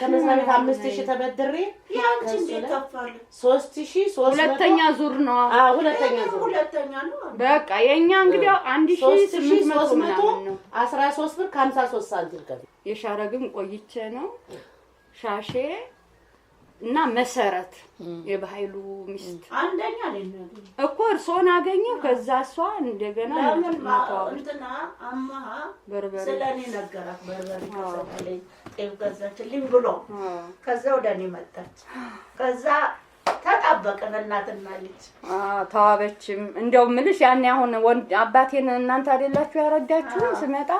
ከመስሪያ ቤት አምስት ሺህ ተበድሬ ሶስት ሺህ ሶስት ሁለተኛ ዙር ነው። ሁለተኛ ዙር በቃ የእኛ እንግዲህ አንድ ሺህ ስምንት መቶ ምናምን ነው። አስራ ሶስት ብር ከሀምሳ ሶስት ሳንቲም ገ የሻረግም ቆይቼ ነው ሻሼ እና መሰረት የባህሉ ሚስት አንደኛ እኮ እርሶን አገኘው። ከዛ እሷ እንደገና ለምን እንትና አማሃ በርበሬ ስለኔ ነገራት በርበሬ ጤፍ ገዛችልኝ ብሎ ከዛ ወደ እኔ መጣች። ከዛ ተጣበቅን እናትና ልጅ ተዋበችም። እንደው ምልሽ ያኔ አሁን አባቴን እናንተ አይደላችሁ ያረዳችሁን ስመጣ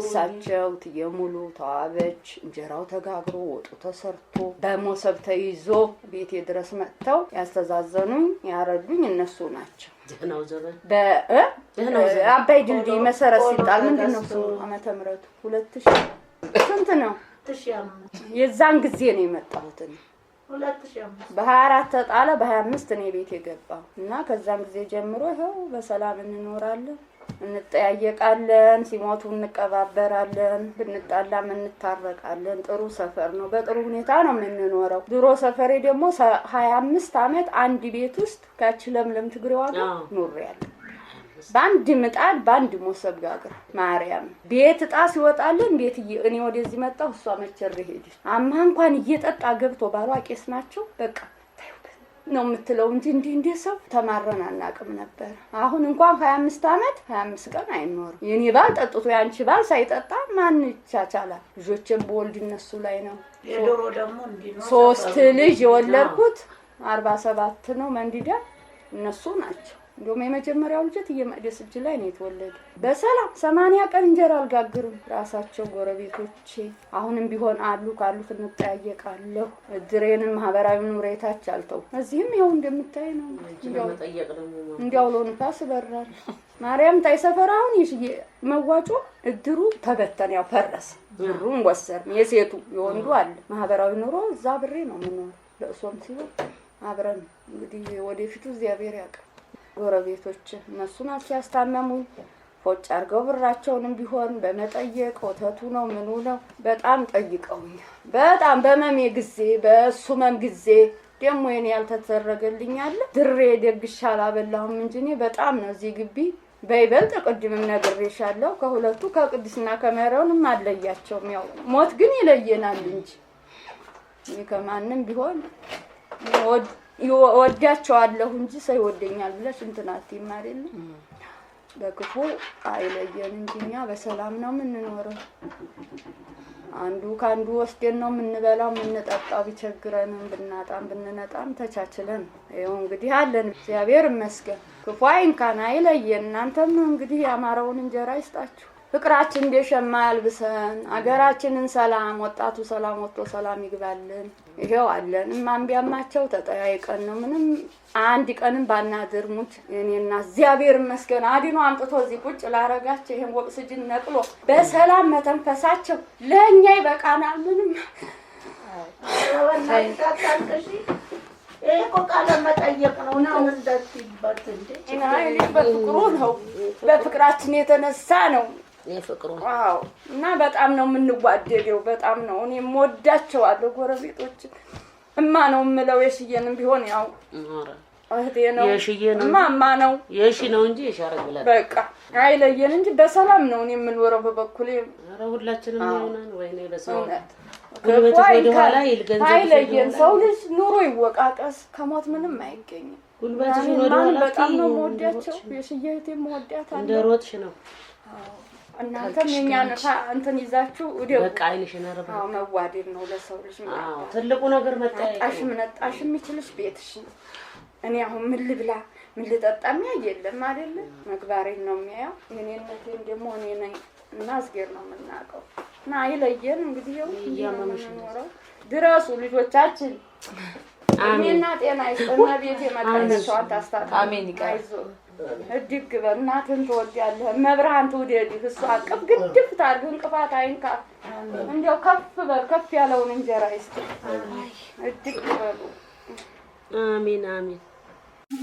እሳቸው ትየ ሙሉ ተዋበች። እንጀራው ተጋግሮ ወጡ ተሰርቶ በሞሰብ ተይዞ ቤቴ ድረስ መጥተው ያስተዛዘኑኝ ያረዱኝ እነሱ ናቸው። አባይ ድልድይ መሰረት ሲጣል ምንድን ነው ዓመተ ምሕረቱ ሁለት ሺህ ስንት ነው? የዛን ጊዜ ነው የመጣሁት። በሀያ አራት ተጣለ በሀያ አምስት እኔ ቤት የገባው እና ከዛን ጊዜ ጀምሮ ይኸው በሰላም እንኖራለን፣ እንጠያየቃለን፣ ሲሞቱ እንቀባበራለን፣ ብንጣላም እንታረቃለን። ጥሩ ሰፈር ነው። በጥሩ ሁኔታ ነው የምንኖረው። ድሮ ሰፈሬ ደግሞ ሀያ አምስት አመት አንድ ቤት ውስጥ ከች ለምለም ትግሬዋ ኑሬያለሁ። በአንድ ምጣድ በአንድ ሞሰብ ጋግር ማርያም ቤት እጣ ሲወጣልን ቤት እኔ ወደዚህ መጣሁ፣ እሷ መቸር ሄድ አማ እንኳን እየጠጣ ገብቶ ባሏ ቄስ ናቸው። በቃ ነው የምትለው እንጂ እንዲህ እንዲህ ሰው ተማረን አናውቅም ነበር። አሁን እንኳን ሀያ አምስት ዓመት ሀያ አምስት ቀን አይኖርም። የኔ ባል ጠጥቶ ያንቺ ባል ሳይጠጣ ማን ይቻቻላል? ልጆችን በወልድ እነሱ ላይ ነው። ሶስት ልጅ የወለድኩት አርባ ሰባት ነው መንዲዳ እነሱ ናቸው እንዲሁም የመጀመሪያው ልጅት እየመቅደስ እጅ ላይ ነው የተወለደ። በሰላም ሰማንያ ቀን እንጀራ አልጋግርም። ራሳቸው ጎረቤቶቼ አሁንም ቢሆን አሉ ካሉት እንጠያየቃለሁ። እድሬንም ማህበራዊ ኑሬታች አልተው እዚህም ይኸው እንደምታይ ነው። እንዲያው ሎ ንፋስ በራል ማርያም ታይ ሰፈር አሁን መዋጮ እድሩ ተበተን ያው ፈረስ ብሩን ወሰር የሴቱ የወንዱ አለ። ማህበራዊ ኑሮ እዛ ብሬ ነው የምኖር። ለእሶም ሲሆን አብረን እንግዲህ ወደፊቱ እግዚአብሔር ያውቃል። ጎረቤቶች እነሱ ናቸው ያስታመሙኝ። ፎጭ አድርገው ብራቸውንም ቢሆን በመጠየቅ ወተቱ ነው ምኑ ነው በጣም ጠይቀውኛል። በጣም በመሜ ጊዜ በሱመም ጊዜ ደግሞ የኔ ያልተደረገልኝ አለ። ድሬ ደግሻ አላበላሁም እንጂ እኔ በጣም ነው እዚህ ግቢ በይበልጥ ቅድምም ነግሬሻለሁ። ከሁለቱ ከቅድስና ከመሪውንም አለያቸውም። ያው ሞት ግን ይለየናል እንጂ ከማንም ቢሆን ወድ ይወዳቸዋለሁ እንጂ ሰው ይወደኛል ብለሽ እንትን አትይም አይደለ? በክፉ አይለየን እንጂ እኛ በሰላም ነው የምንኖረው። አንዱ ከአንዱ ወስደን ነው የምንበላው የምንጠጣው። ቢቸግረንም ብናጣም ብንነጣም ተቻችለን ይኸው እንግዲህ አለን። እግዚአብሔር ይመስገን። ክፉ አይንካን፣ አይለየን። እናንተም እንግዲህ ያማረውን እንጀራ ይስጣችሁ። ፍቅራችን እንደ ያልብሰን፣ አገራችንን ሰላም ወጣቱ ሰላም ወጥቶ ሰላም ይግባልን። ይሄው አለን እማንቢያማቸው ተጠያይቀን ነው ምንም አንድ ቀንም ባናድር ሙት እኔና እግዚአብሔር ይመስገን አዲኖ አምጥቶ እዚህ ቁጭ ላረጋቸው ይሄን ወቅስጅን ነቅሎ በሰላም መተንፈሳቸው ለእኛ ይበቃናል። ምንም ይሄ እኮ ቃለ መጠየቅ ነው ነው በፍቅሩ ነው በፍቅራችን የተነሳ ነው። የፍቅሩ ዋው እና በጣም ነው የምንዋደደው። በጣም ነው እኔ የምወዳቸዋለሁ ጎረቤቶች እማ ነው የምለው። የሽዬንም ቢሆን ያው እህቴ ነው እማማ ነው የሺ ነው እንጂ የሻረግ በቃ አይለየን እንጂ በሰላም ነው እኔ የምንወረው። በበኩሌ ኧረ ሁላችንም ይሆናል። ወይኔ በሰው አይለየን። ሰው ልጅ ኑሮ ይወቃቀስ ከሞት ምንም አይገኝም። ጉልበትሽን ወደኋላ በጣም ነው የምወዳቸው። የሽዬ የምወዳት እንደ ሮጥሽ ነው እናንተም የእኛን እንትን ይዛችሁ በቃ አይንሽን መዋደድ ነው ለሰው ልጅ ትልቁ ነገር። መጣሽም ነጣሽ የሚችልሽ ቤትሽ ነው። እኔ አሁን ምን ልብላ ምን ልጠጣ የሚያይ የለም አይደለ? መግባሬን ነው የሚያየው። የኔነቴን ደግሞ እኔ ነኝ እና አስጌር ነው የምናውቀው። እና አይለየን እንግዲህ ው እያመመሽኖረው ድረሱ ልጆቻችን እኔና ጤና ይስጠና ቤት የመቀነሸዋን ታስታጣ አይዞ እድግ በእናትህን ትወዳለህ። መብርሃን ትውደድህ። እሷ አቅፍ ግድፍ ታድርግህ። እንቅፋት አይንካ። እንዲያው ከፍ በል ከፍ ያለውን እንጀራ ይስጥ። እድግ በሉ። አሜን አሜን።